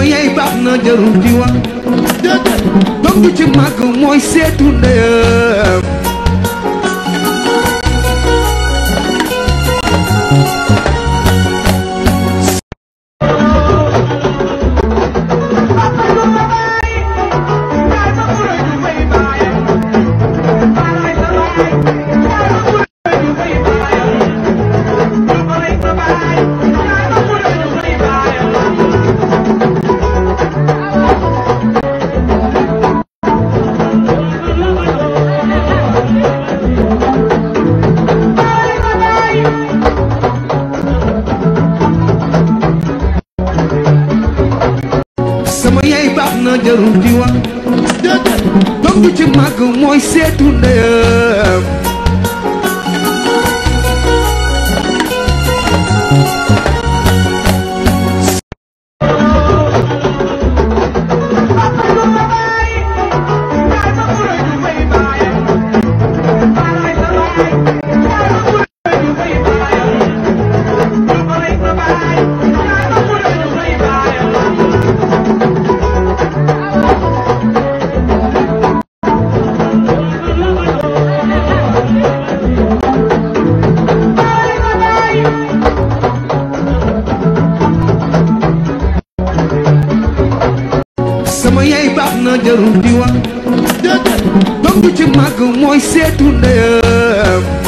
mooy yey baax na jarul di wax déedéet dong ci màgg mooy seetu ndeyam Thank you. sama yaay baax na jarul di wax doom du ci màgg mooy seetu ndeyam ma yey baax na jarul di wax dëgg dëgg ci mooy seetu ndeyam